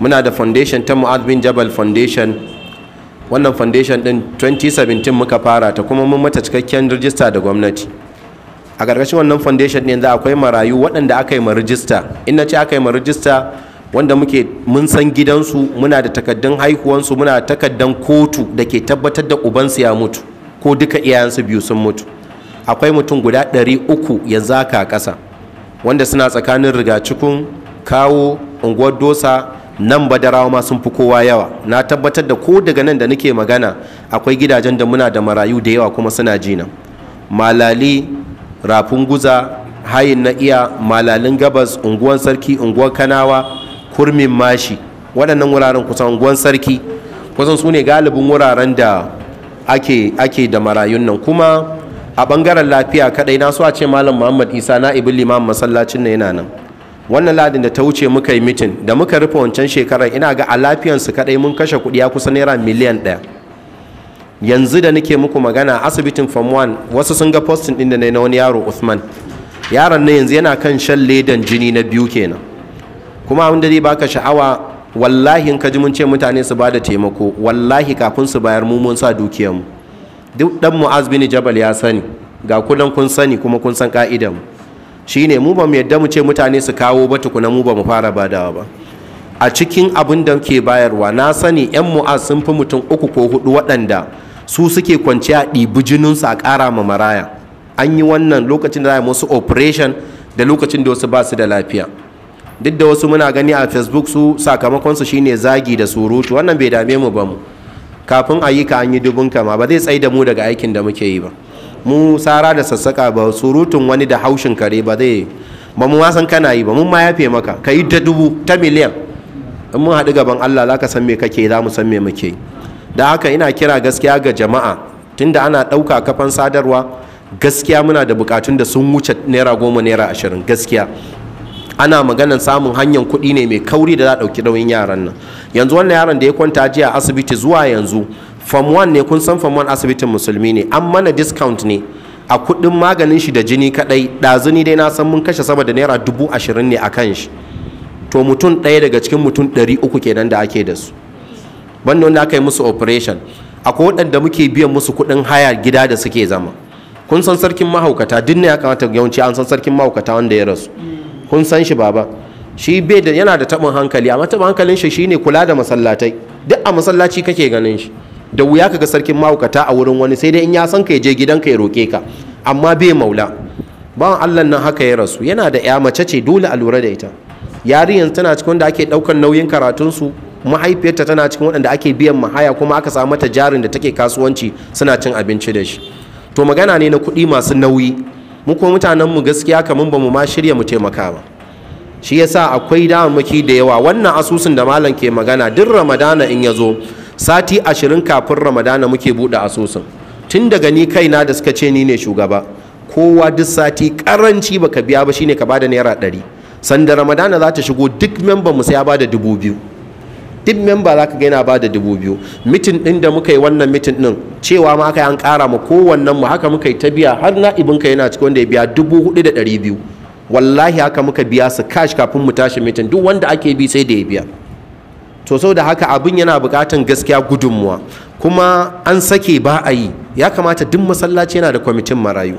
muna da foundation ta mu'ad bin jabal foundation wannan foundation din 2017 muka fara ta kuma mun mata cikakken rijista da gwamnati a ƙarƙashin wannan foundation ne yanzu akwai marayu waɗanda aka yi ma rijista in na ce aka yi ma rijista wanda muke mun san gidansu muna da takaddun haihuwansu muna da takaddan kotu da ke tabbatar da ubansu ya mutu ko duka iyayensu biyu sun mutu akwai mutum guda ɗari uku yanzu zaka kasa ƙasa wanda suna tsakanin rigacikun kawo unguwar dosa nan badarawa ma sun fi kowa yawa na tabbatar da ko daga nan da nake magana akwai gidajen da muna da marayu da yawa kuma suna jina malali rafin guza hayin na iya malalin gabas unguwan sarki unguwar kanawa kurmin mashi waɗannan wuraren kusan unguwan sarki kusan su ne galibin wuraren da ake, ake da marayun nan kuma a ɓangaren lafiya kaɗai na so a ce malam muhammad isa na ibin limamin masallacin na yana nan wannan ladin da ta wuce muka yi mitin da muka rufe wancan shekarar ina ga a lafiyansu kaɗai mun kashe kuɗi ya kusa naira miliyan ɗaya yanzu da nake muku magana asibitin form 1 wasu sun ga postin ɗin da na wani yaro usman yaron nan yanzu yana kan shan ledan jini na biyu kenan kuma abin da zai baka sha'awa wallahi in ka ji mun ce mutane su ba da taimako wallahi kafin su bayar mu mun sa dukiyarmu duk dan mu'azbini jabal ya sani ga kudan kun sani kuma kun san mu. shine mu ba mu yadda mu ce mutane su kawo ba tukuna mu ba mu fara badawa ba a cikin abin da ke bayarwa na sani yan mu'az sun fi mutum uku ko hudu waɗanda su suke kwanciya ɗibi jininsu a ƙara ma maraya an yi wannan lokacin da za a musu operation da lokacin da wasu ba su da lafiya duk da wasu muna gani a facebook su sakamakon su shine zagi da surutu wannan bai dame mu ba mu kafin a yi ka an yi dubun kama ba zai tsaida da mu daga aikin da muke yi ba mu sara da sassaka ba surutun wani da haushin kare ba zai ba mu san kana yi ba mun ma yafe maka ka yi ta dubu ta miliyan in mun haɗu gaban Allah za ka san me kake za mu san me muke da haka ina kira gaskiya ga jama'a tunda ana ɗauka kafan sadarwa gaskiya muna da bukatun da sun wuce naira goma naira ashirin gaskiya ana maganan samun hanyar kuɗi ne mai kauri da za a ɗauki ɗauyin yaran nan yanzu wannan yaron da ya kwanta jiya asibiti zuwa yanzu form 1 ne kun san form 1 asibitin musulmi ne an mana discount ne a kudin maganin shi da jini kadai ɗazuni dai na san mun kashe sama da naira dubu ashirin ne a kan shi to mutum ɗaya daga cikin mutum ɗari uku kenan da ake da su banda wanda aka yi musu operation akwai waɗanda muke biyan musu kuɗin haya gida da suke zama kun san sarkin mahaukata duk ne ya kamata yawanci an san sarkin mahaukata wanda ya rasu kun san shi baba shi bai da yana da taɓin hankali amma taɓin hankalin shi shine kula da masallatai duk a masallaci kake ganin shi da wuya kaga sarkin mahaukata a wurin wani sai dai in ya san ka je gidanka ya roke ka amma bai maula bawan Allah nan haka ya rasu yana da ya mace ce dole a lura da ita yarinyar tana cikin da ake daukan nauyin su mahaifiyarta tana cikin waɗanda ake biyan mahaya kuma aka samu mata jarin da take kasuwanci suna cin abinci da shi to magana ne na kuɗi masu nauyi mu kuma mutanen mu gaskiya kamar bamu ma shirya mu taimaka ba shi yasa akwai damammaki da yawa wannan asusun da malam ke magana duk ramadana in ya zo sati ashirin kafin ramadana muke buɗe asusun tun daga ni kaina da suka ce ni ne shugaba kowa duk sati karanci baka biya ba shine ka bada naira ɗari sanda ramadana za ta shigo duk memban mu sai ya bada dubu biyu duk memba za ka ga yana bada dubu biyu mitin ɗin da muka yi wannan mitin ɗin cewa ma aka yi an ƙara ma kowannen mu haka muka yi ta biya har na ka yana cikin wanda ya biya dubu hudu da ɗari biyu wallahi haka muka biya su kash kafin mu tashi mitin duk wanda ake bi sai da ya biya to sau da haka abin yana bukatan gaskiya gudunmuwa kuma an sake ba a yi ya kamata duk masallaci yana da kwamitin marayu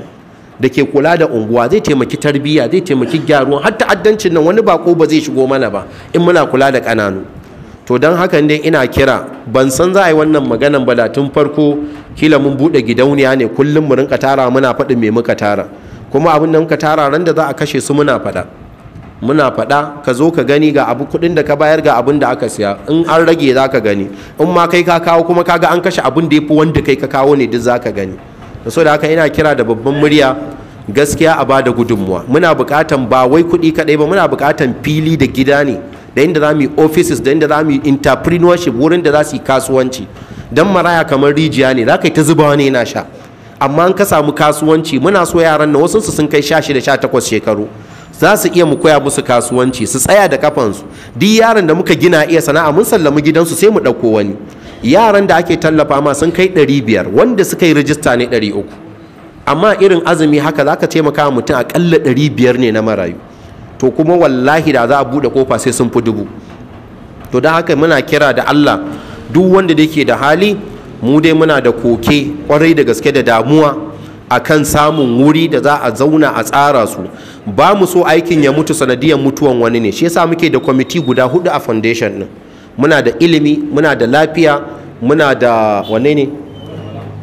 da ke kula da unguwa zai taimaki tarbiyya zai taimaki gyaruwa har ta'addancin nan wani bako ba zai shigo mana ba in muna kula da ƙananu to don haka dai ina kira ban san za a yi wannan maganan ba da tun farko kila mun buɗe gidauniya ne kullum mu rinka tara muna faɗin me muka tara kuma abin da muka tara ran da za a kashe su muna faɗa muna faɗa ka zo ka gani ga abu kuɗin da ka bayar ga abin da aka siya in an rage za ka gani in ma kai ka kawo kuma kaga an kashe abin da ya fi wanda kai ka kawo ne duk za ka gani da so da haka ina kira da babban murya gaskiya a bada gudunmuwa muna buƙatan ba wai kuɗi kaɗai ba muna buƙatan fili da gida ne da inda za mu yi offices da inda za mu yi entrepreneurship wurin da za su yi kasuwanci dan maraya kamar rijiya ne za ka yi ta zuba wani yana sha amma an ka samu kasuwanci muna so yaran na wasu sun kai sha shida sha takwas shekaru za su iya mu koya musu kasuwanci su tsaya da kafansu duk yaran da muka gina iya sana'a mun sallami gidansu sai mu ɗauko wani yaran da ake tallafa ma sun kai ɗari biyar wanda suka yi rijista ne ɗari uku amma irin azumi haka za ka taimaka wa mutum aƙalla ɗari biyar ne na marayu to kuma wallahi da za a buɗe kofa sai sun fi dubu to don haka muna kira da Allah duk wanda da ke da hali mu dai muna da koke kwarai da gaske da damuwa akan samun wuri da za a zauna a tsara su ba mu so aikin ya mutu sanadiyar mutuwan wani ne shi yasa muke da kwamiti guda hudu a foundation din muna da ilimi muna da lafiya muna da wane ne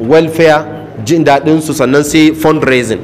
welfare jin daɗin sannan sai fundraising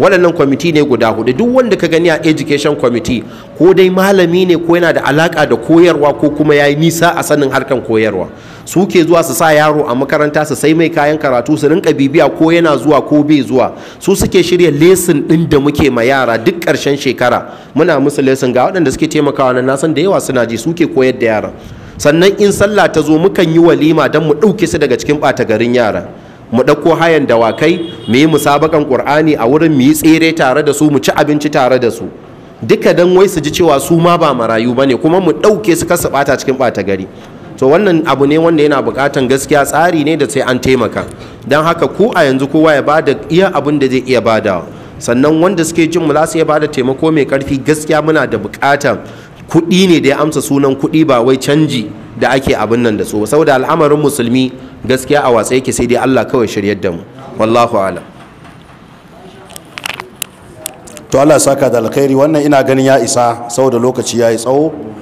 waɗannan kwamiti ne guda hudu duk wanda ka gani a education kwamiti, ko dai malami ne ko yana da alaka da koyarwa ko kuma ya yi nisa a sanin harkan koyarwa su ke zuwa su sa yaro a makaranta su sai mai kayan karatu su rinka bibiya ko yana zuwa ko bai zuwa su suke shirya lesin din da muke ma yara duk karshen shekara muna musu lesin ga waɗanda suke taimakawa nan na san da yawa suna ji suke koyar da yara sannan in sallah ta zo mukan yi walima don mu ɗauke su daga cikin ɓata garin yara mu ɗauko hayan dawakai mu yi musabakan ƙur'ani a wurin mu yi tsere tare da su mu ci abinci tare da su duka don wai su ji cewa su ma ba marayu ba ne kuma mu ɗauke su kasa ɓata cikin ɓata gari to wannan abu ne wanda yana bukatan gaskiya tsari ne da sai an taimaka don haka ku a yanzu kowa ya bada iya abin da zai iya bada sannan wanda suke jin mu za su iya bada taimako mai karfi gaskiya muna da bukatan kuɗi ne da ya amsa sunan kuɗi ba wai canji da ake abin nan da su saboda al'amarin musulmi gaskiya a watsa yake sai dai Allah kawai shiryar da mu wallahu alam to Allah saka da alkhairi wannan ina ganin ya isa saboda lokaci ya yi tsawo